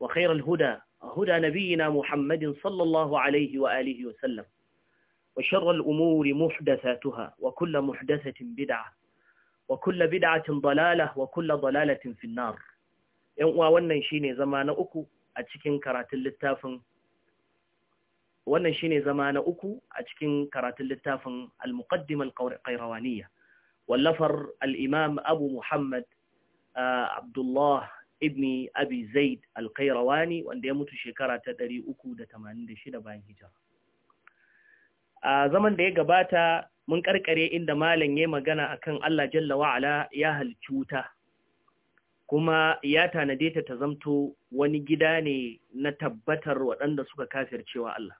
وخير الهدى هدى نبينا محمد صلى الله عليه وآله وسلم وشر الأمور محدثاتها وكل محدثة بدعة وكل بدعة ضلالة وكل ضلالة في النار يوم وانا شيني زمان أكو أتشكين كرات اللتافن وانا شيني زمان أكو أتشكين كرات اللتافن المقدمة القيروانية واللفر الإمام أبو محمد آه، عبد الله ibni abi zaid ne wanda ya mutu shekara ta 386 bayan hijira a zaman da ya gabata mun karkare inda malam ya magana akan Allah jalla wa'ala ya halci wuta kuma ya tanade ta ta zamto wani gida ne na tabbatar waɗanda suka kafircewa Allah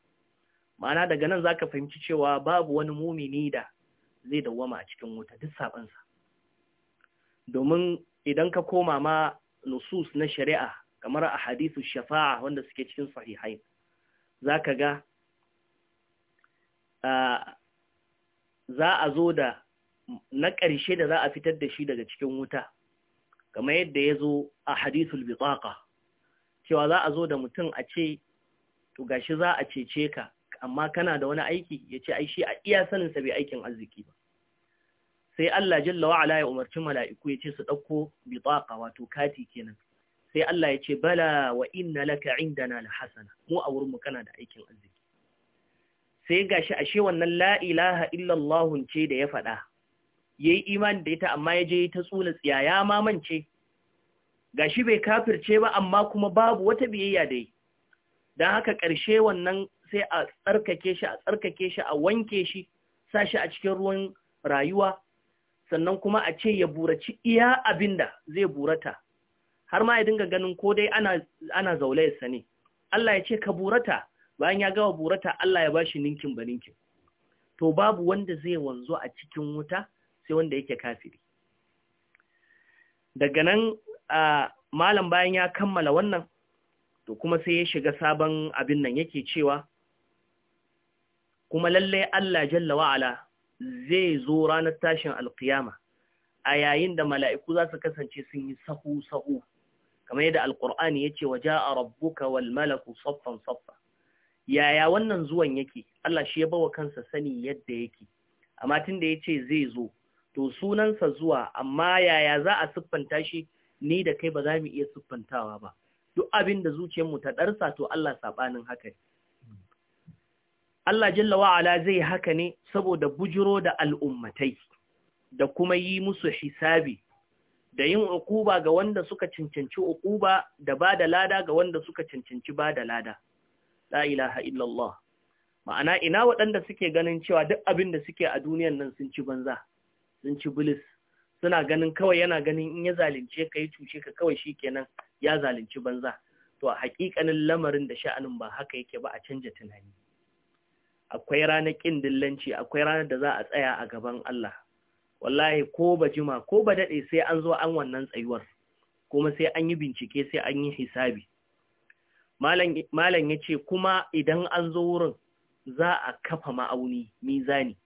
ma'ana daga nan zaka fahimci cewa babu wani mumini da zai dawwama a cikin wuta duk sabansa domin idan ka koma ma nusus na shari'a kamar a hadithu shafa'a wanda suke cikin sahihai za ka ga za a zo da na ƙarshe da za a fitar da shi daga cikin wuta kamar yadda ya zo a hadithul bitaqa cewa za a zo da mutum a ce to gashi za a cece ka amma kana da wani aiki ya ce ai shi a iya saninsa bai aikin arziki ba sai Allah jalla wa'ala ya umarci mala'iku ya ce su ɗauko bitaƙa wato kati kenan sai Allah ya ce bala wa inna laka indana hasana mu a wurin mu kana da aikin arziki sai gashi ashe wannan la ilaha illa ce da ya faɗa yayi imani da ita amma ya je ta tsula tsiyaya ya mamance gashi bai kafirce ba amma kuma babu wata biyayya dai dan haka ƙarshe wannan sai a tsarkake shi a tsarkake shi a wanke shi sa shi a cikin ruwan rayuwa sannan kuma a ce ya buraci iya abinda zai burata har ma ya dinga ganin ko dai ana ana ya sani. ne Allah ya ce ka burata bayan ya gawa burata Allah ya bashi ninkin ba ninkin to babu wanda zai wanzo a cikin wuta sai wanda yake kafiri daga nan malam bayan ya kammala wannan to kuma sai ya shiga sabon abin nan yake cewa kuma lallai Allah jalla wa'ala zai zo ranar tashin alkiyama a yayin da mala'iku za su kasance sun yi sahu-sahu kamar yadda alkur'ani ya ce waje a rabbuka wal malaku saffan saffa yaya wannan zuwan yake Allah shi ya bawa kansa sani yadda yake amma tun da ya ce zai zo to sunansa zuwa amma yaya za a siffanta shi ni da kai ba za mu iya siffantawa ba duk abin da zuciyarmu ta ɗarsa to Allah saɓanin haka ne Allah jalla wa'ala zai haka ne saboda bujiro da al'ummatai da kuma yi musu hisabi da yin ukuba ga wanda suka cancanci ukuba da ba da lada ga wanda suka cancanci ba da lada. La ilaha illallah. Ma'ana ina waɗanda suke ganin cewa duk abin da suke a duniyan nan sun ci banza, sun ci bilis, suna ganin kawai yana ganin in ya zalunce ka yi tushe ka kawai shi kenan ya zalunci banza. To a haƙiƙanin lamarin da sha'anin ba haka yake ba a canja tunani. akwai ranar ƙin dillanci akwai ranar da za a tsaya a gaban Allah wallahi ko ba jima ko ba daɗe sai an zo an wannan tsayuwar kuma sai an yi bincike sai an yi hisabi malam ya ce kuma idan an zo wurin za a kafa ma'auni mizani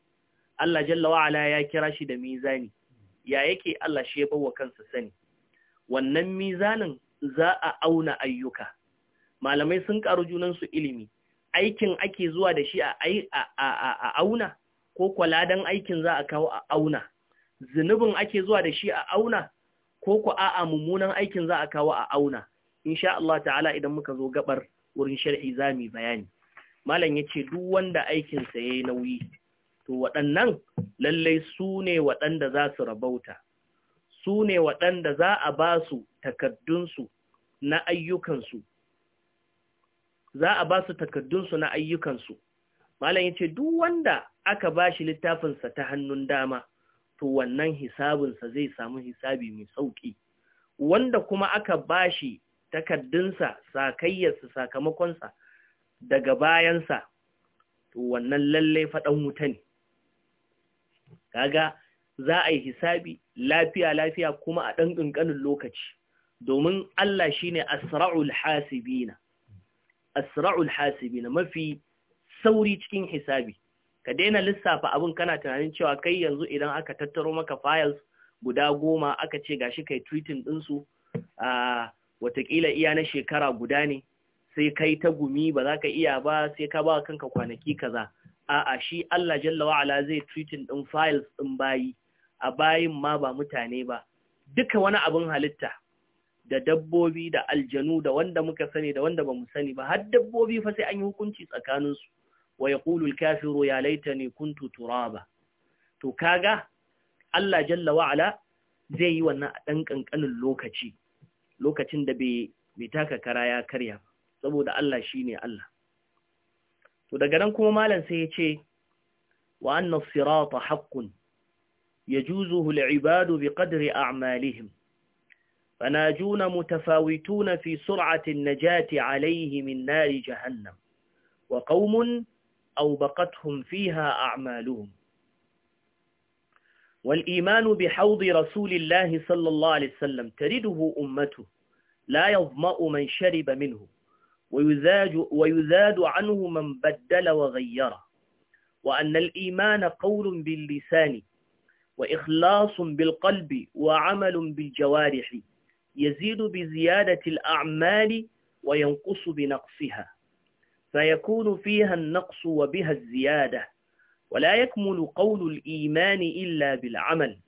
Allah jalla wa'ala ya kira shi da mizani ya yake Allah shi ya kansa sani wannan mizanin za a auna ayyuka malamai sun karu junansu ilimi aikin ake zuwa da shi a auna ko kwaladan aikin za a kawo a auna zunubin ake zuwa da shi a auna ko ku a mummunan aikin za a kawo a auna insha Allah ta'ala idan muka zo gabar wurin shar'i zami bayani malam yace duk wanda aikin sa yayi nauyi to waɗannan lallai su ne waɗanda za su rabauta su ne waɗanda za a ba su takaddunsu na ayyukansu za a ba su takaddunsu na ayyukansu malam yace duk wanda aka ba shi littafinsa ta hannun dama to wannan hisabinsa zai samu hisabi mai sauƙi, wanda kuma aka ba shi takaddunsa sakayyarsa sakamakonsa daga bayansa to wannan lalle faɗan wuta ne kaga za a yi hisabi lafiya lafiya kuma a ɗan ƙinƙanin lokaci domin Allah shine asra'ul hasibina asra'ul hasibina mafi sauri cikin hisabi ka daina lissafa abin kana tunanin cewa kai yanzu idan aka tattaro maka files guda goma aka ce gashi kai tweeting ɗinsu a watakila iya na shekara guda ne sai kai ta gumi ba za ka iya ba sai ka ba kanka kwanaki kaza a'a shi Allah jalla wa'ala zai tweeting ɗin files ɗin bayi a bayin ma ba mutane ba duka wani abin halitta da dabbobi da aljanu da wanda muka sani da wanda ba mu sani ba har dabbobi fa sai an yi hukunci tsakanin su wa yaqulu al-kafiru ya ne kuntu turaba to kaga Allah jalla wa'ala zai yi wannan a ɗan ƙanƙanin lokaci lokacin da bai taka kara ya karya saboda Allah shine Allah to daga nan kuma malam sai ya ce wa anna as-sirata haqqun yajuzuhu al-ibadu biqadri a'malihim فناجون متفاوتون في سرعة النجاة عليه من نار جهنم وقوم أوبقتهم فيها أعمالهم والإيمان بحوض رسول الله صلى الله عليه وسلم ترده أمته لا يظمأ من شرب منه ويزاج, ويزاد عنه من بدل وغيره وأن الإيمان قول باللسان وإخلاص بالقلب وعمل بالجوارح يزيد بزيادة الأعمال وينقص بنقصها فيكون فيها النقص وبها الزيادة ولا يكمل قول الإيمان إلا بالعمل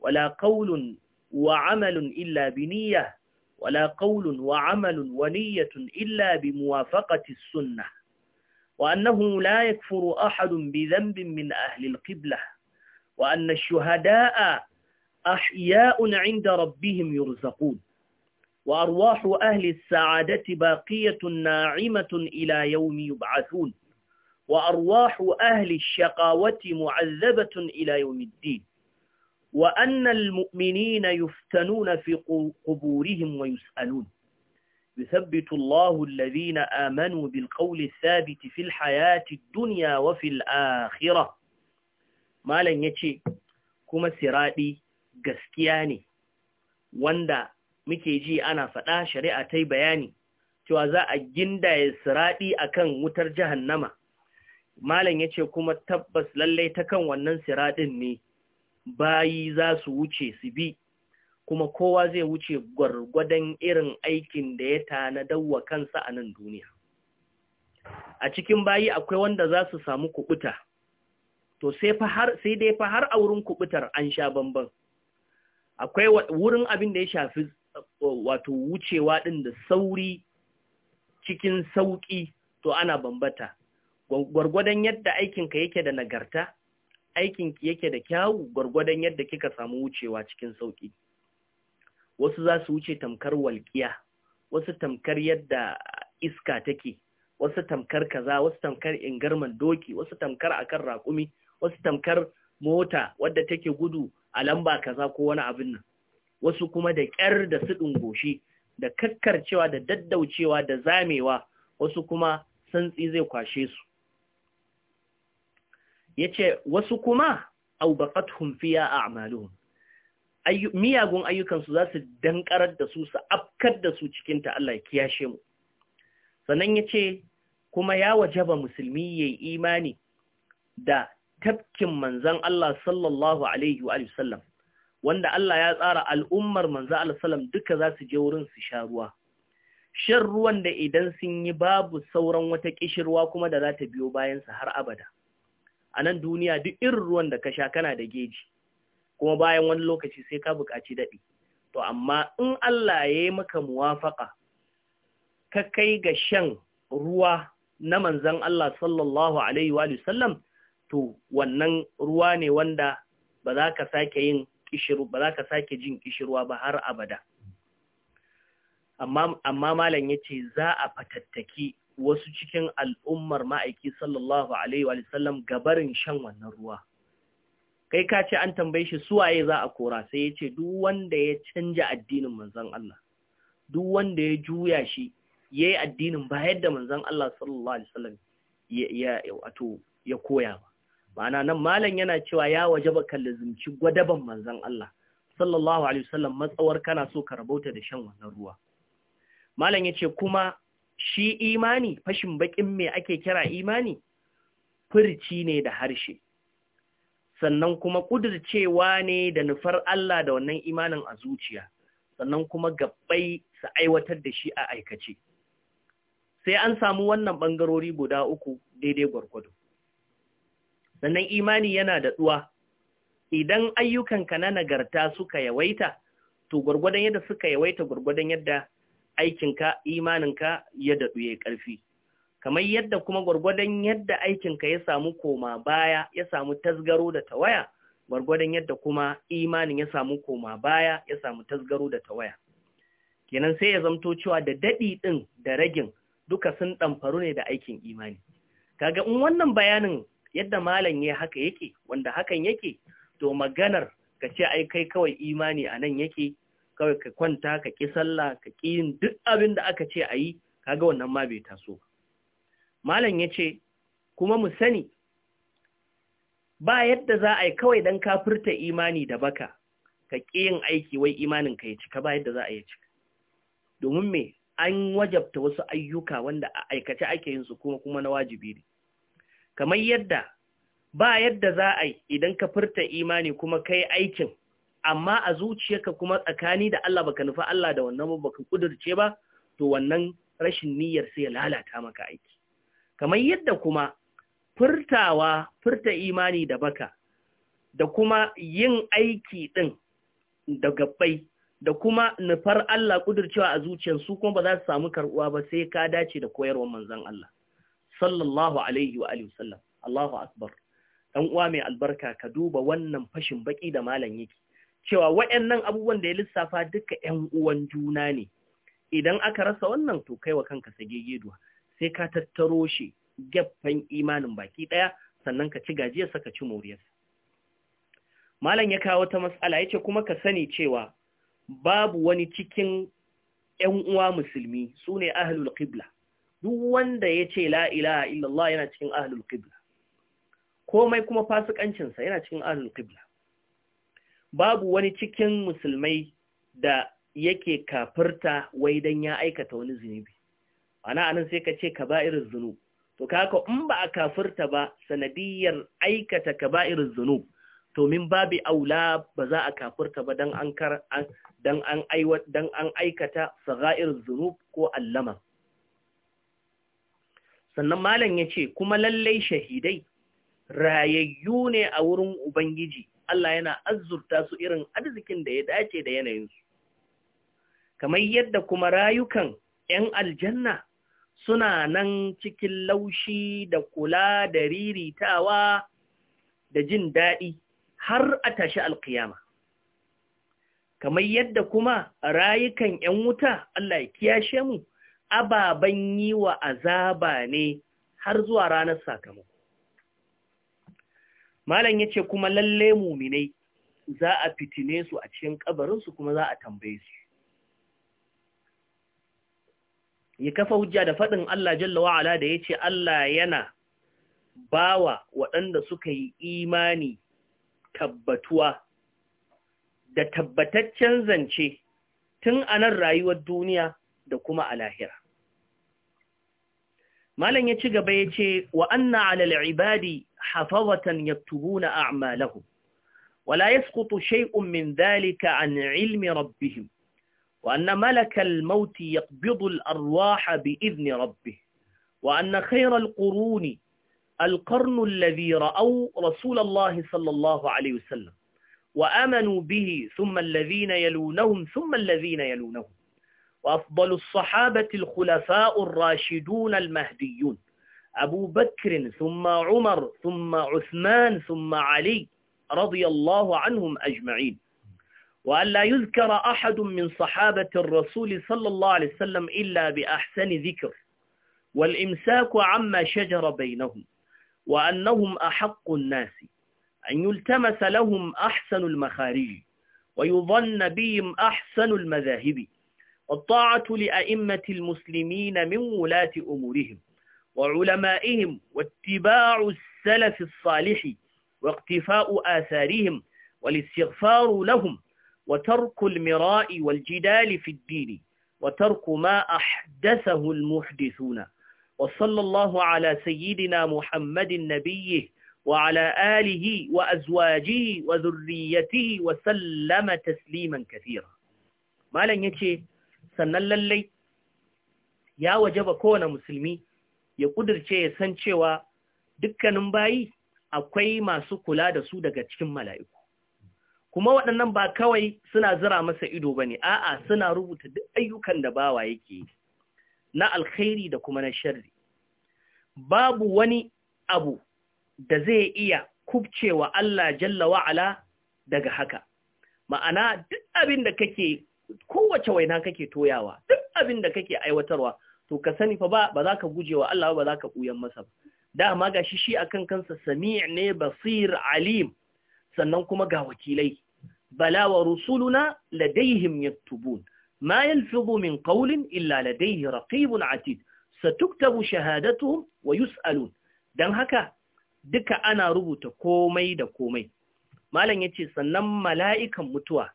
ولا قول وعمل إلا بنية ولا قول وعمل ونية إلا بموافقة السنة وأنه لا يكفر أحد بذنب من أهل القبلة وأن الشهداء أحياء عند ربهم يرزقون وأرواح أهل السعادة باقية ناعمة إلى يوم يبعثون وأرواح أهل الشقاوة معذبة إلى يوم الدين وأن المؤمنين يفتنون في قبورهم ويسألون يثبت الله الذين آمنوا بالقول الثابت في الحياة الدنيا وفي الآخرة ما لن يتي كما سرادي قسكياني واندا muke ji ana faɗa shari'a ta yi bayani cewa za a ya siraɗi a kan wutar jahannama malam ya ce kuma tabbas lallai ta kan wannan siraɗin ne bayi za su wuce su bi kuma kowa zai wuce gwargwadon irin aikin da ya tanadawa kansa a nan duniya a cikin bayi akwai wanda za su samu kubuta to sai dai fa har a wurin kubutar an sha banban akwai wurin abin da ya shafi wato wucewa ɗin da sauri cikin sauƙi to ana bambata gwargwadon yadda aikinka yake da nagarta aikinki yake da kyawu gwargwadon yadda kika samu wucewa cikin sauƙi wasu za su wuce tamkar walƙiya wasu tamkar yadda iska take wasu tamkar kaza wasu tamkar ingarman doki wasu tamkar akan raƙumi wasu tamkar mota wadda take gudu a lamba kaza ko wani abin nan wasu kuma da ƙyar da suɗin goshi da kakkarcewa da daddaucewa da zamewa wasu kuma santsi zai kwashe su ya ce wasu kuma aubaƙat humfiya a amaluhun miyagun ayyukansu za su dankarar da su su afkar da su ta Allah ya kiyashe mu sannan ya ce kuma ya wajaba musulmi ya yi imani da tafkin manzan Allah sallallahu Alaihi wasallam wanda Allah ya tsara al'ummar manzo alsalam duka za su je wurin su sha ruwa shan ruwan da idan sun yi babu sauran wata kishirwa kuma da za ta biyo bayansa har abada a nan duniya duk irin ruwan da ka sha kana da geji kuma bayan wani lokaci sai ka buƙaci daɗi to amma in Allah ya yi maka muwafaƙa ka kai ga shan ruwa na manzan Allah sallallahu alaihi wa sallam to wannan ruwa ne wanda ba za ka sake yin kishiru ba za ka sake jin kishirwa ba har abada amma malam ya ce za a fatattaki wasu cikin al'ummar ma'aiki sallallahu alaihi wa sallam gabarin shan wannan ruwa kai ka ce an tambaye shi su waye za a kora sai ya ce duk wanda ya canja addinin manzon Allah duk wanda ya juya shi yayi addinin ba yadda manzon Allah sallallahu alaihi wasallam ya wato ya koya ba ma'ana nan malam yana cewa ya waje ba kalli zumci gwadaban manzon Allah sallallahu alaihi wasallam matsawar kana so ka rabauta da shan wannan ruwa malam yace kuma shi imani fashin bakin me ake kira imani furci ne da harshe sannan kuma kudurcewa ne da nufar Allah da wannan imanin a zuciya sannan kuma gabbai su aiwatar da shi a aikace sai an samu wannan bangarori guda uku daidai gwargwado sannan imani yana da tsuwa idan ayyukanka na nagarta suka yawaita to gwargwadon yadda suka yawaita gwargwadon yadda aikinka imaninka ya daɗu ya ƙarfi kamar yadda kuma gwargwadon yadda aikinka ya samu koma baya ya samu tasgaro da tawaya gwargwadon yadda kuma imanin ya samu koma baya ya samu tasgaro da tawaya kenan sai ya zamto cewa da daɗi ɗin da ragin duka sun ɗamfaru ne da aikin imani kaga in wannan bayanin yadda malam ya haka yake wanda hakan yake to maganar ka ce ai kai kawai imani a nan yake kawai ka kwanta ka ƙi sallah ka ƙi yin duk abin da aka ce a yi kaga wannan ma bai taso malam ya ce kuma mu sani ba yadda za a yi kawai don furta imani da baka ka ƙi yin aiki wai imanin ka ya cika ba yadda za a yi cika domin me an wajabta wasu ayyuka wanda a aikace ake yin su kuma kuma na wajibi ne kamar yadda ba yadda za a yi idan ka furta imani kuma kai aikin amma a zuciyarka kuma tsakani da Allah baka nufa Allah da wannan baka kudurce ba to wannan rashin niyyar sai ya lalata maka aiki kamar yadda kuma furtawa furta imani da baka da kuma yin aiki din da gabbai da kuma nufar Allah kudurcewa a zuciyar su kuma ba za su samu karbuwa ba sai ka dace da koyarwar manzon Allah sallallahu alaihi wa alihi sallam Allahu akbar dan uwa mai albarka ka duba wannan fashin baki da malam yake cewa waɗannan abubuwan da ya lissafa duka ƴan uwan juna ne idan aka rasa wannan to kai wa kanka sagege duwa sai ka tattaro shi gaffan imanin baki ɗaya sannan ka ci gajiyar saka ci moriyar. malam ya kawo ta mas'ala yace kuma ka sani cewa babu wani cikin ƴan uwa musulmi sune ahlul qibla duk wanda ya ce la ilaha illallah yana cikin ahlul qibla komai kuma fasikancinsa yana cikin ahlul qibla babu wani cikin musulmai da yake kafirta wai dan ya aikata wani zunubi ana anan sai ka ce kaba'irul zunub to kaka in ba a kafirta ba sanadiyar aikata kaba'irul zunub to min babi aula ba za a kafirta ba dan an dan an dan aikata sagha'irul zunub ko allama sannan malam ya ce kuma lallai shahidai rayayyu ne a wurin ubangiji Allah yana azurta su irin arzikin da ya dace da yanayinsu kamar yadda kuma rayukan 'yan aljanna suna nan cikin laushi da kula da riritawa da jin daɗi har a tashi alkiyama kamar yadda kuma rayukan 'yan wuta Allah ya kiyashe mu ababen yi wa azaba ne har zuwa ranar sakamako. Malam ya ce kuma lalle muminai za a fitine su a cikin kabarinsu kuma za a tambaye su. Ya kafa hujja da faɗin Allah Jalla wa'ala da ya ce Allah yana bawa waɗanda suka yi imani tabbatuwa da tabbataccen zance tun anan rayuwar duniya da kuma a lahira. malam ya ci gaba ya ce wa anna alal ibadi hafazatan yaktubuna a'malahum wala yasqutu shay'un min dhalika an ilmi rabbihim wa anna malakal maut yaqbidu al arwah bi idni rabbih wa anna khayra al quruni القرن الذي رأوا رسول الله صلى الله عليه وسلم وآمنوا به ثم الذين يلونهم ثم الذين يلونهم وأفضل الصحابة الخلفاء الراشدون المهديون أبو بكر ثم عمر ثم عثمان ثم علي رضي الله عنهم أجمعين وأن لا يذكر أحد من صحابة الرسول صلى الله عليه وسلم إلا بأحسن ذكر والإمساك عما شجر بينهم وأنهم أحق الناس أن يلتمس لهم أحسن المخارج ويظن بهم أحسن المذاهب والطاعة لأئمة المسلمين من ولاة أمورهم وعلمائهم واتباع السلف الصالح واقتفاء آثارهم والاستغفار لهم وترك المراء والجدال في الدين وترك ما أحدثه المحدثون وصلى الله على سيدنا محمد النبي وعلى آله وأزواجه وذريته وسلم تسليما كثيرا ما لن يكي sannan lallai ya waje ba kowane musulmi ya ƙudurce ya san cewa dukkanin bayi akwai masu kula da su daga cikin mala'iku. Kuma waɗannan ba kawai suna zira masa ido ba ne, a'a suna rubuta duk ayyukan da bawa yake na alkhairi da kuma na sharri. Babu wani abu da zai iya kubcewa Allah jalla wa'ala daga haka. Ma'ana duk abin da kake kowace waina kake toyawa duk abin da kake aiwatarwa to ka sani fa ba ba za ka guje wa Allah ba za ka ɓuyan masa ba dama ga shi shi akan kansa sami' ne basir alim sannan kuma ga wakilai bala wa rusuluna ladaihim yaktubun ma yalfidhu min qawlin illa ladaihi raqibun atid satuktabu shahadatuhum wa yus'alun dan haka duka ana rubuta komai da komai malam yace sannan mala'ikan mutuwa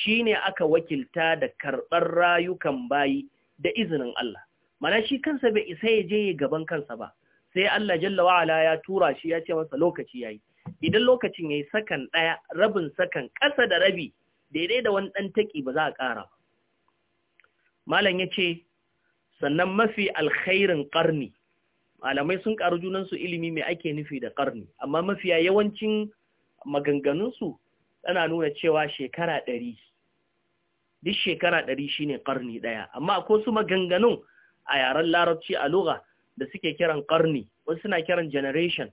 shi ne aka wakilta da karɓar rayukan bayi da izinin Allah. Mana shi kansa bai isa ya je gaban kansa ba, sai Allah jalla wa'ala ya tura shi ya ce masa lokaci ya yi. Idan lokacin ya yi sakan ɗaya, rabin sakan ƙasa da rabi, daidai da wani ɗan taƙi ba za a ƙara ba. Malam ya ce, sannan mafi alkhairin ƙarni, malamai sun ƙaru junansu ilimi mai ake nufi da ƙarni, amma mafiya yawancin maganganunsu tana nuna cewa shekara ɗari duk shekara ɗari shine ƙarni ɗaya amma ko su maganganun a yaren larabci a lugha da suke kiran ƙarni wasu suna kiran generation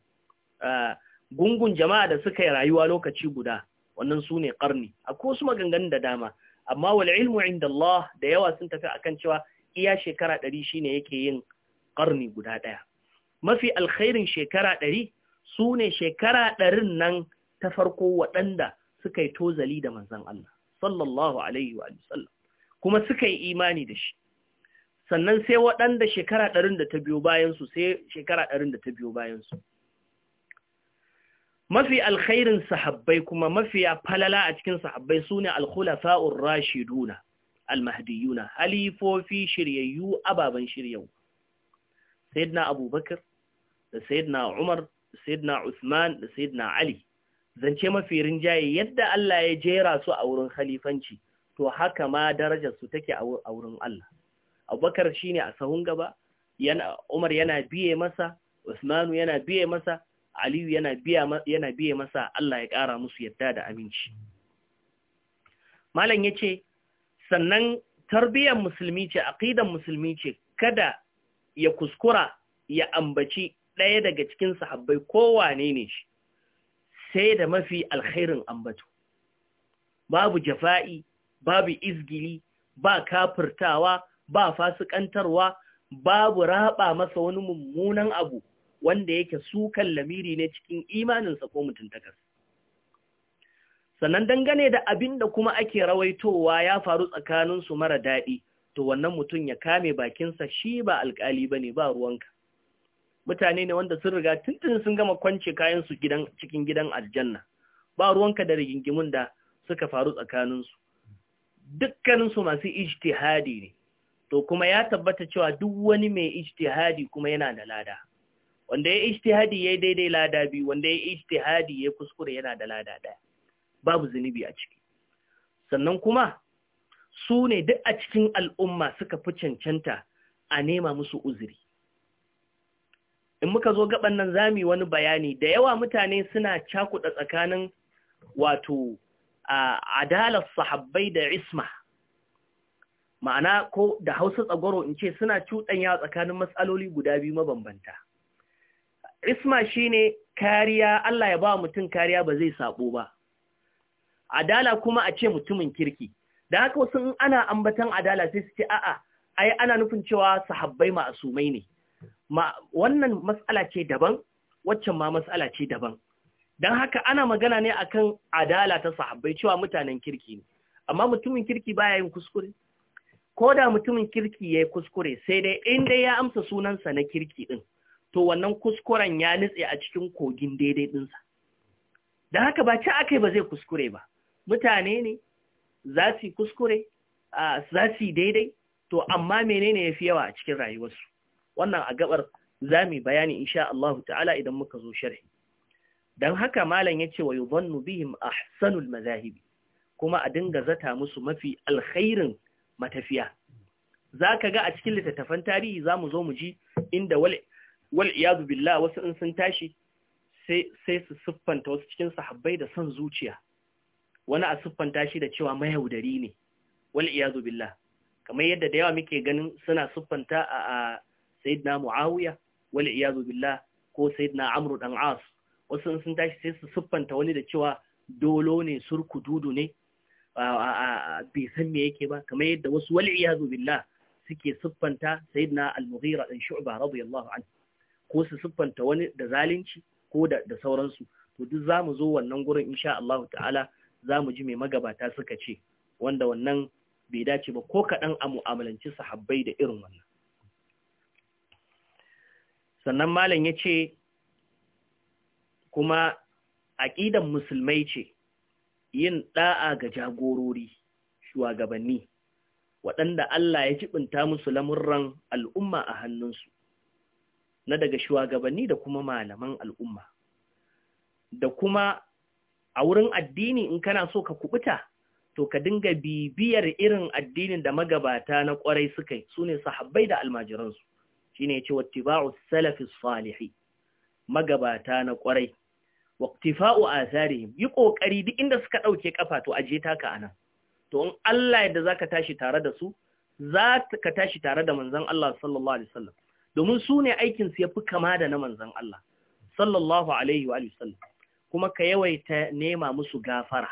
eh, gungun jama'a da suka yi rayuwa lokaci guda wannan su ne ƙarni a ko su maganganun da dama amma wal ilmu inda Allah da yawa sun tafi akan cewa iya shekara ɗari shine yake yin ƙarni guda ɗaya mafi alkhairin shekara ɗari su ne shekara ɗarin nan ta farko waɗanda suka yi tozali da manzan Allah sallallahu alaihi wa kuma suka yi imani da shi sannan sai waɗanda shekara ɗarin da ta biyo bayansu sai shekara ɗarin da ta biyo bayansu mafi alkhairin sahabbai kuma mafiya falala a cikin sahabbai su ne alkhulafa'ur rashiduna almahdiyuna halifofi shiryayyu ababen shiryau sayyidina abubakar da sayyidina umar da sayyidina usman da sayyidina ali zance mafi rinjaye yadda Allah ya jera su a wurin khalifanci to haka ma darajar su take a wurin Allah Abubakar shine a sahun gaba yana Umar yana biye masa Usmanu yana biye masa Aliyu yana biya yana biye masa Allah ya kara musu yadda da aminci Malam yace sannan tarbiyyar musulmi ce aqidar musulmi ce kada ya kuskura ya ambaci ɗaya daga cikin sahabbai ne ne shi sai da mafi alkhairin ambato babu jafa'i babu izgili ba kafirtawa ba fasikantarwa babu raba masa wani mummunan abu wanda yake sukan lamiri ne cikin imaninsa ko takas. sannan dangane da abin da kuma ake rawaitowa ya faru tsakaninsu mara daɗi to wannan mutum ya kame bakinsa shi ba alkali ba ne ba ruwanka mutane ne wanda sun riga tuntun sun gama kwance kayansu su gidan cikin gidan aljanna ba ruwanka da rigingimun da suka faru tsakaninsu dukkaninsu masu ijtihadi ne to kuma ya tabbata cewa duk wani mai ijtihadi kuma yana da lada wanda ya ijtihadi yayi daidai lada biyu wanda ya ijtihadi ya kuskure yana da lada ɗaya, babu zunubi a ciki sannan kuma su ne duk a cikin al'umma suka fi cancanta a nema musu uzuri in muka zo gaban nan zami wani bayani da yawa mutane suna cakuɗa tsakanin wato adalar sahabbai da isma ma'ana ko da hausa tsagwaro in ce suna cuɗanya tsakanin matsaloli guda biyu mabambanta isma shine kariya Allah ya ba mutum kariya ba zai sabo ba adala kuma a ce mutumin kirki da haka wasu ana ambatan adala sai su ce a'a ai ana nufin cewa sahabbai ma'asumai ne wannan matsala ce daban waccan ma matsala ce daban don haka ana magana ne akan adala ta sahabbai cewa mutanen kirki ne amma mutumin kirki baya yin kuskure ko da mutumin kirki ya yi kuskure sai dai inda ya amsa sunansa na kirki ɗin, to wannan kuskuren ya nutse a cikin kogin daidai dinsa don haka ba ci aka ba zai kuskure ba mutane ne za su yi kuskure za su yi daidai to amma menene ya fi yawa a cikin rayuwarsu wannan a gabar zami bayani insha Allah ta'ala idan muka zo sharhi dan haka malam yace wa yuzannu bihim ahsanul mazahib kuma a dinga zata musu mafi alkhairin matafiya zaka ga a cikin littattafan tarihi za mu zo mu ji inda wal wal iyad billah wasu in sun tashi sai sai su siffanta wasu cikin sahabbai da san zuciya wani a siffanta shi da cewa mayaudari ne wal iyad billah kamar yadda da yawa muke ganin suna siffanta a sayyidina muawiya wali iyazu billah ko sayyidina amru dan as wasu sun tashi sai su siffanta wani da cewa dolo ne surkududu ne bai san me yake ba kamar yadda wasu wali iyazu billah suke siffanta sayyidina al-mughira dan shu'ba radiyallahu anhu ko su siffanta wani da zalunci ko da da sauransu to duk zamu zo wannan gurin insha Allah ta'ala zamu ji me magabata suka ce wanda wannan bai dace ba ko kaɗan a mu'amalanci sahabbai da irin wannan sannan malam ya ce kuma aƙidan musulmai ce yin ɗa'a ga jagorori shugabanni waɗanda Allah ya jibinta musu lamurran al'umma a hannunsu na daga shugabanni da kuma malaman al'umma da kuma a wurin addini in kana so ka kubuta to ka dinga bibiyar irin addinin da magabata na ƙwarai suka yi su ne sahabbai da almajiransu shine yace wattiba'u salafi salihi magabata na kwarai waqtifa'u atharihim yi kokari duk inda suka dauke kafa to aje taka anan to in Allah yadda zaka tashi tare da su zaka tashi tare da manzon Allah sallallahu alaihi wasallam domin su ne aikin su yafi kama da na manzon Allah sallallahu alaihi wa sallam kuma ka yawaita nema musu gafara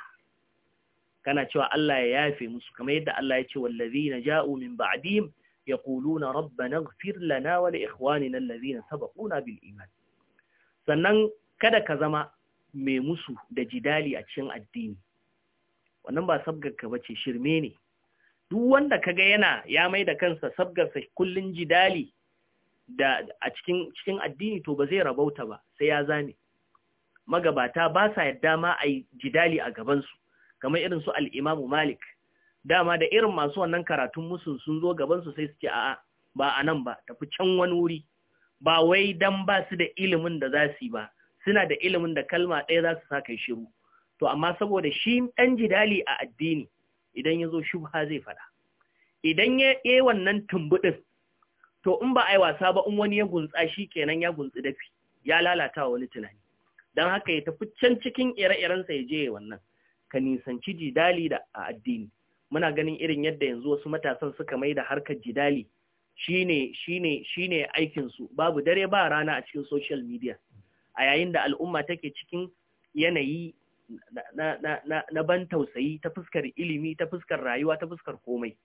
kana cewa Allah ya yafe musu kamar yadda Allah ya ce wallazina ja'u min ba'dihim يقولون ربنا اغفر لنا ولإخواننا الذين سبقونا بالإيمان sannan kada ka zama mai musu da jidali a cikin addini wannan ba sabgarka bace shirme ne duk wanda kaga yana ya mai da kansa sabgarsa kullun jidali da a cikin cikin addini to ba zai rabauta ba sai ya zame magabata ba sa yadda ma a yi jidali a gabansu kamar irin su al al-Imam malik dama da irin masu wannan karatun musu sun zo gabansu sai suke a a'a ba a nan ba tafi can wani wuri ba wai dan ba su da ilimin da za su yi ba suna da ilimin da kalma ɗaya za su sa kai shiru to amma saboda shi ɗan jidali a addini idan ya zo shubha zai faɗa idan ya yi wannan tumbuɗin to in ba a yi wasa ba in wani ya guntsa shi kenan ya guntsi dafi ya lalata wani tunani don haka ya tafi can cikin ire-irensa ya je wannan ka nisanci jidali da a addini muna ganin irin yadda yanzu wasu matasan suka mai da harkar jidali shine shine shine aikin babu dare ba rana a cikin social media a yayin da al'umma take cikin yanayi na, ban tausayi ta fuskar ilimi ta fuskar rayuwa ta fuskar komai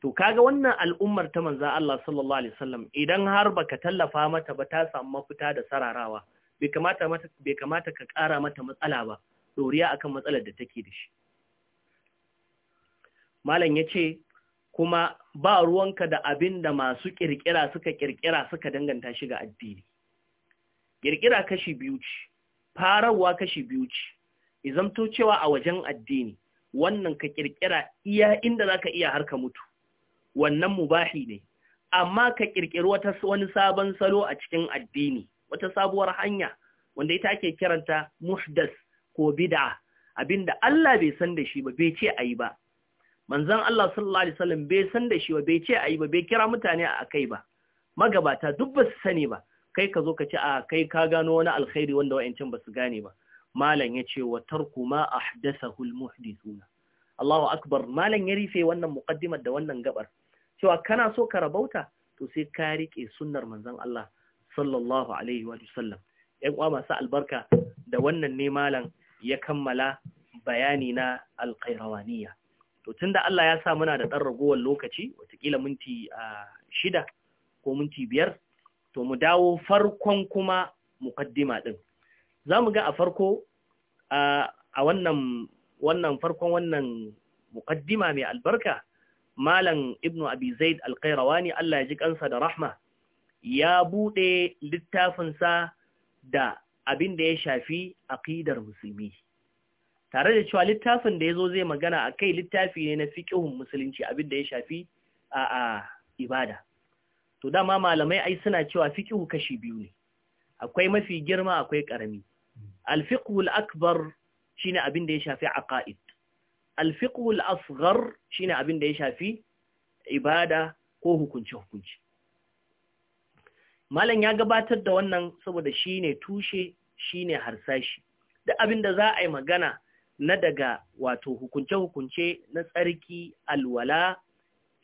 to kaga wannan al'ummar ta manzan Allah sallallahu alaihi wasallam idan har baka tallafa mata ba ta samu mafita da sararawa bai kamata bai kamata ka ƙara mata matsala ba doriya akan matsalar da take da shi malam ya ce kuma ba ruwanka da abin da masu ƙirƙira suka ƙirƙira suka danganta shi ga addini ƙirƙira kashi biyu ce farawa kashi biyu ce izamto cewa a wajen addini wannan ka ƙirƙira iya inda za ka iya harka mutu wannan mubahi ne amma ka ƙirƙiri wani sabon salo a cikin addini wata sabuwar hanya wanda ita ake kiranta muhdas ko bid'a abinda Allah bai san da shi ba bai ce ayi ba manzon Allah sallallahu alaihi wasallam bai san da shi ba bai ce ayi ba bai kira mutane a kai ba magabata duk ba su sani ba kai ka zo ka ce a kai ka gano wani alkhairi wanda wayancin ba su gane ba malam ce wa tarku ma ahdathahu almuhdithuna Allahu akbar malam ya rife wannan muqaddimar da wannan gabar cewa kana so ka rabauta to sai ka riƙe sunnar manzon Allah sallallahu alaihi wa sallam ƴan uwa masu albarka da wannan ne malam ya kammala bayani na alqairawaniya to da Allah ya sa muna da ɗan ragowar lokaci watakila minti shida ko minti biyar to mu dawo farkon kuma mukaddima ɗin za mu ga a farko a wannan farkon wannan mukaddima mai albarka malam ibnu abi zaid alkairawani Allah ya ji kansa da rahma ya buɗe littafinsa da abin da ya shafi aƙidar musulmi tare da cewa littafin da ya zo zai magana a kai littafi ne na fiƙihun musulunci abin da ya shafi a ibada to dama malamai ai suna cewa fiƙihu kashi biyu ne akwai mafi girma akwai ƙarami Alfiƙul akbar ne abin da ya shafi aqaid alfiqhul asghar ne abin da ya shafi ibada ko hukunci hukunci malam ya gabatar da wannan saboda shi ne tushe shi ne harsashi duk abin da za a yi magana na daga wato hukunce-hukunce na tsarki alwala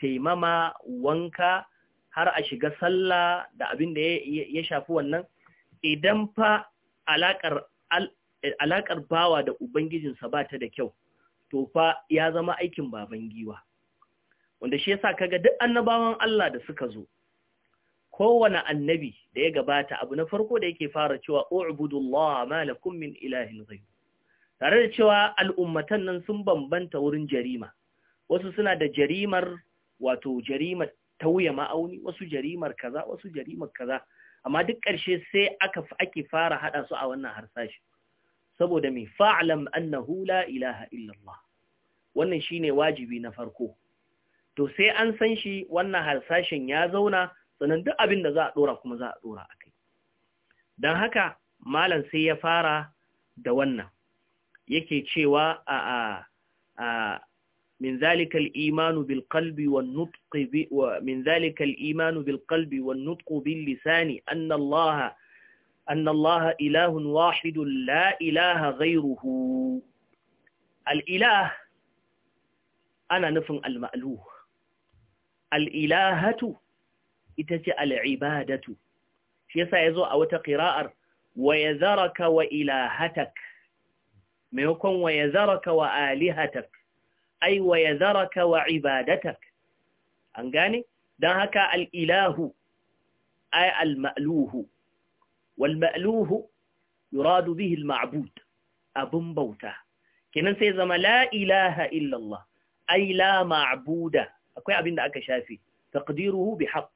taimama wanka har a shiga sallah da abin da ya shafi wannan idan fa alakar bawa da ubangijinsa ba ta da kyau to fa ya zama aikin baban giwa wanda shi yasa kaga duk annabawan Allah da suka zo kowane annabi da ya gabata abu na farko da yake fara cewa u'budullaha malakum min ilahin ghayr tare da cewa al'ummatan nan sun bambanta wurin jarima wasu suna da jarimar wato jarimar tauye ma'auni wasu jarimar kaza wasu jarimar kaza amma duk ƙarshe sai aka ake fara haɗa su a wannan harsashi saboda mai fa'alam annahu la ilaha illallah wannan shine wajibi na farko to sai an san shi wannan harsashin ya zauna sannan duk abin da za a dora kuma za a dora akai don haka malam sai ya fara da wannan yake cewa a a min zalika al-imanu bil qalbi wan nutqi bi wa min zalika al-imanu bil qalbi wan nutqu bil lisani anna Allah anna Allah ilahun wahidun la ilaha ghayruhu al-ilah ana nufin al-ma'luh al-ilahatu ita ce al-ibadatu shi yasa yazo a wata qira'ar wa yadharaka wa ilahatak maimakon wa ya zaraka wa alihatak ai wa ya zaraka wa ibadatak an gane don haka al'ilahu ai al-ma'luhu wal-ma'luhu yuradu bihi al-ma'bud abin bauta kenan sai zama la ilaha illallah ai la ma'buda akwai abin da aka shafi taqdiruhu bi haqq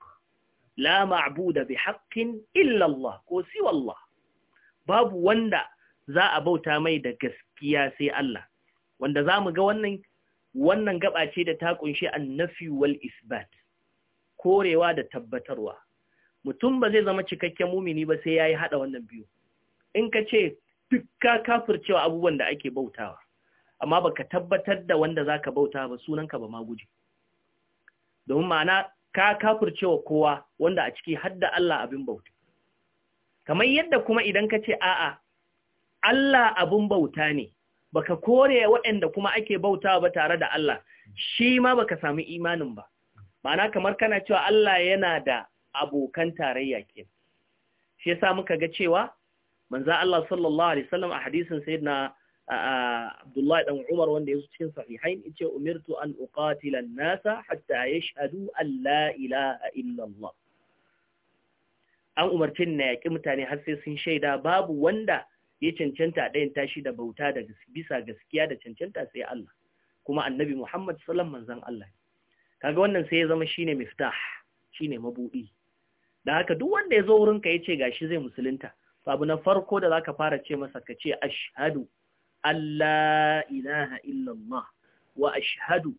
la ma'buda bi haqqin illallah ko siwa Allah babu wanda za a bauta mai da gaskiya sai Allah wanda za mu ga wannan wannan gaba ce da ta kunshi annafi wal isbat korewa da tabbatarwa mutum ba zai zama cikakken mumini ba sai ya yi hada wannan biyu in ka ce duk ka kafircewa abubuwan da ake bautawa amma baka tabbatar da wanda zaka bauta ba sunanka ba ma guji domin ma'ana ka kafircewa kowa wanda a ciki hadda Allah abin bauta kamar yadda kuma idan ka ce a'a Allah abun bauta ne baka kore waɗanda kuma ake bauta ba tare da Allah shi ma baka samu imanin ba ma'ana kamar kana cewa Allah yana da abokan tarayya ke shi sa muka ga cewa manza Allah sallallahu alaihi wasallam a hadisin sayyidina Abdullahi dan Umar wanda yazo cikin sahihain yace umirtu an uqatila nasa hatta ya an la ilaha illa an umarci na yaki mutane har sai sun shaida babu wanda ya cancanta ɗayan tashi da bauta da bisa gaskiya da cancanta sai Allah kuma annabi Muhammad sallam manzan Allah kaga wannan sai ya zama shine miftah shine mabudi da haka duk wanda ya zo wurin ka yace gashi zai musulunta to abu na farko da zaka fara ce masa ka ce ashhadu alla ilaha Allah wa ashhadu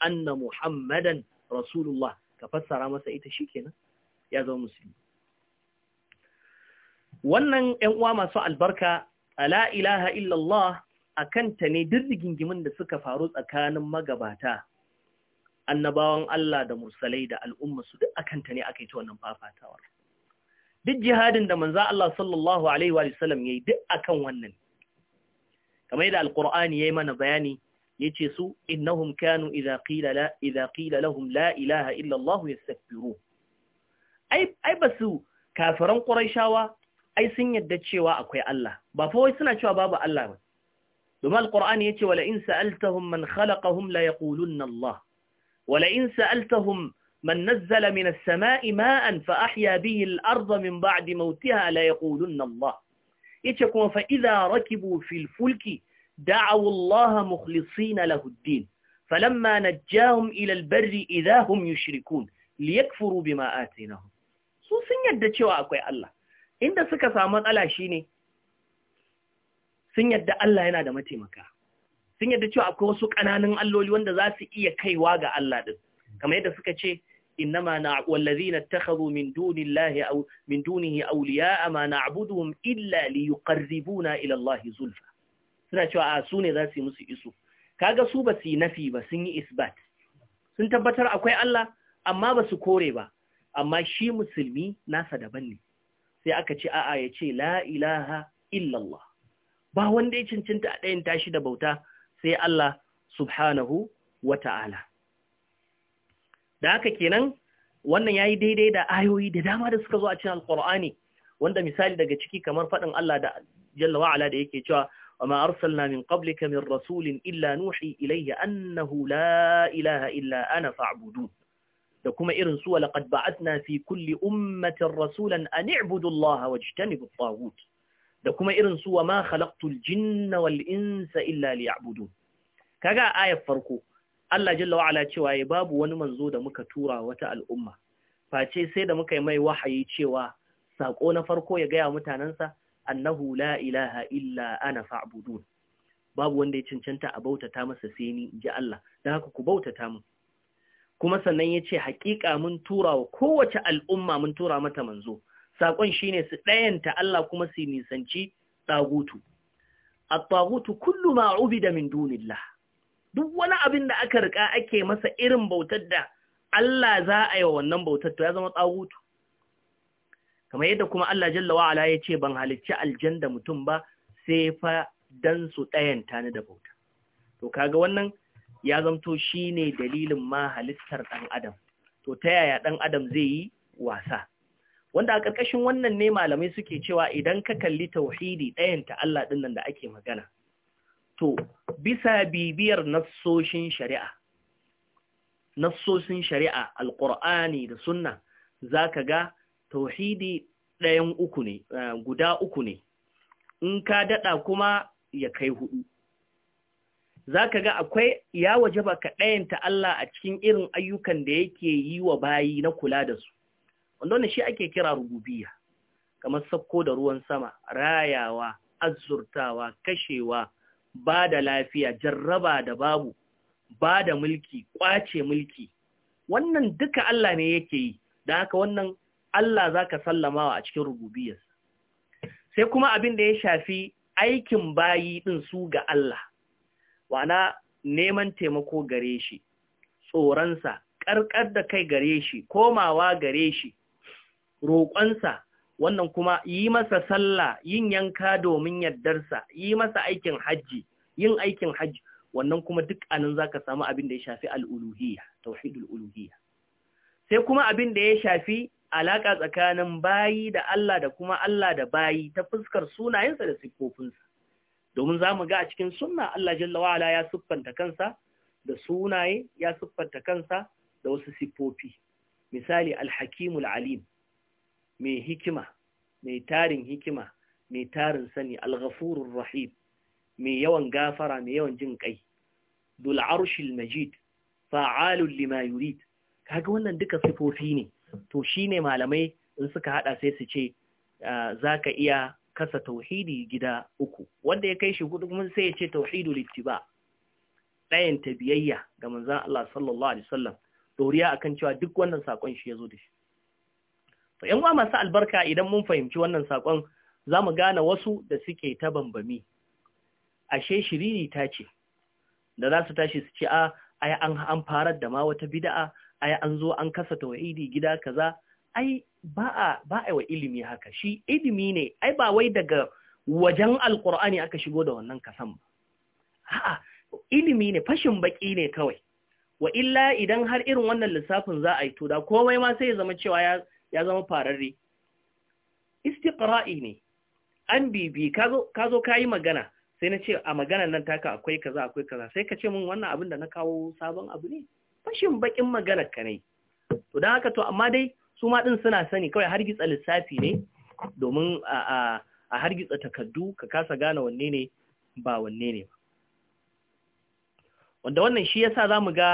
anna muhammadan rasulullah ka fassara masa ita shikenan ya zama musulmi wannan ‘yan uwa masu albarka ala ilaha illallah a kanta ne duk gimin da suka faru tsakanin magabata annabawan Allah da mursalai da al'umma su duk a kanta ne aka yi ta wannan fafatawar duk jihadin da manza Allah sallallahu alaihi wa ya yayi duk akan wannan kamar da ya yi mana bayani ya ce su innahum kanu iza qila lahum la ilaha illa Allah yastakbirun ai ba basu kafiran quraishawa ai sun yadda cewa akwai Allah ba fa wai suna cewa babu Allah ba domin alqur'ani yace wala in sa'altahum man khalaqahum la yaqulunna Allah wala in sa'altahum من نزل من السماء ماء فأحيا به الأرض من بعد موتها لا يقولن الله يتكون فإذا ركبوا في الفلك دعوا الله مخلصين له الدين فلما نجاهم إلى البر إذا هم يشركون ليكفروا بما آتيناهم سوسن يدى شواء أكوي الله inda suka samu matsala ne, sun yadda Allah yana da mataimaka sun yadda cewa akwai wasu ƙananun alloli wanda za su iya kaiwa ga Allah ɗin. kamar yadda suka ce ma na wallazina takhadhu min dunillahi aw min dunihi a ma na'buduhum illa liyuqarribuna na ilallahi zulfa suna cewa a su ne za su yi musu isu kaga su ba su yi nafi ba sun yi isbat sun tabbatar akwai Allah amma ba su kore ba amma shi musulmi nasa daban ne sai aka ce a'a ya ce la ilaha illallah ba wanda ya cancanta a ɗayan tashi da bauta sai Allah subhanahu wa ta'ala da haka kenan wannan ya yi daidai da ayoyi da dama da suka zo a cikin alkur'ani wanda misali daga ciki kamar faɗin Allah da jalla wa da yake cewa وما أرسلنا من min من رسول إلا نوحي إليه annahu la ilaha illa ana فاعبدون da kuma irin su laqad ba'atna fi kulli ummatin rasulan an i'budu Allah wajtanibu at-taghut da kuma irin su wa ma khalaqtul jinna wal insa illa liya'budun kaga ayar farko Allah jalla wa ala cewa ya babu wani manzo da muka tura wata al'umma face sai da muka yi mai wahayi cewa sako na farko ya gaya mutanansa annahu la ilaha illa ana fa'budun babu wanda ya cancanta a bautata masa sai ni ji Allah dan haka ku bautata mu kuma sannan ya ce haƙiƙa mun tura wa kowace al'umma mun tura mata manzo saƙon shine su ɗayanta Allah kuma su nisanci tsagutu. a tsagutu kullu ma'ubi da min dunillah duk wani abin da aka riƙa ake masa irin bautar da Allah za a yi wa wannan bautar to ya zama tsagutu. kamar yadda kuma Allah jalla Ala ya ce ban halicci aljan da mutum ba sai fa dan su ɗayanta ni da bauta to kaga wannan ya zamto shi ne dalilin ma halittar ɗan adam to ta yaya ɗan adam zai yi wasa wanda a ƙarƙashin wannan ne malamai suke cewa idan ka kalli tauhidi ɗayan ta Allah ɗin nan da ake magana to bisa bibiyar nassoshin shari'a nassoshin shari'a alƙur'ani da sunna za ka ga tauhidi ɗayan uku ne eh, guda uku ne in ka daɗa kuma ya kai hudu Zaka ga akwai ya waje ba ka ɗayanta Allah a cikin irin ayyukan da yake yi wa bayi na kula da su. Wanda shi ake kira rububiya, kamar sakko da ruwan sama, rayawa, azurtawa, kashewa, ba da lafiya, jarraba da babu, ba da mulki, ƙwace mulki. Wannan duka Allah ne yake yi, da haka wannan Allah za ka sallamawa a cikin rububiyarsa. Sai kuma abin da ya shafi aikin bayi ɗin su ga Allah. wana neman taimako gare shi tsoronsa ƙarƙar da kai gare shi komawa gare shi roƙonsa wannan kuma yi masa sallah yin yanka domin yardarsa yi masa aikin hajji yin aikin hajji wannan kuma duk anan zaka samu abin da ya shafi al'uluhiyya tauhidul uluhiyya sai kuma abin da ya shafi alaka tsakanin bayi da Allah da kuma Allah da bayi ta fuskar sunayensa da siffofinsa domin za mu ga a cikin sunna Allah jalla wa'ala ya siffanta kansa da sunaye ya siffanta kansa da wasu siffofi misali alhakimul alim mai hikima mai tarin hikima mai tarin sani alghafurur rahim mai yawan gafara mai yawan jin kai dul arshil majid fa'alul lima yurid kaga wannan duka sifofi ne to shine malamai in suka hada sai su ce ah, zaka iya kasa tauhidi gida uku wanda ya kai shi hudu kuma sai ya ce tauhidul littiba. ɗayan ta biyayya ga manzon Allah sallallahu alaihi wasallam doriya akan cewa duk wannan sakon shi zo da shi to yan masu albarka idan mun fahimci wannan sakon mu gane wasu da suke ta bambami ashe shiriri ta ce da za su tashi su ce a ai an fara farar da ma wata bid'a ai an zo an kasa tauhidi gida kaza ai ba a ba a wa ilimi haka shi ilimi ne ai ba wai daga wajen alkur'ani aka shigo da wannan kasan ba a'a ilimi ne fashin baki ne kawai wa illa idan har irin wannan lissafin za a yi to da komai ma sai ya zama cewa ya zama fararre istiqra'i ne an bibi ka zo ka yi magana sai na ce a maganar nan taka akwai kaza akwai kaza sai ka ce min wannan abin da na kawo sabon abu ne fashin bakin magana ka ne to don haka to amma dai su ma ɗin suna sani kawai hargitsa lissafi ne domin a hargitsa takaddu ka kasa gane wanne ne ba wanne ne ba wanda wannan shi yasa za mu ga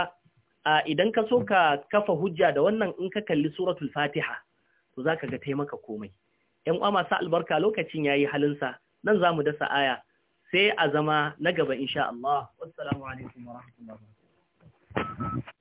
idan ka so ka kafa hujja da wannan in ka kalli suratul fatiha to za ka ga taimaka komai ‘yan uwa masu albarka lokacin ya yi halinsa nan za mu dasa aya sai a zama na gaba insha Allah wassalamu alaikum wa rahmatullahi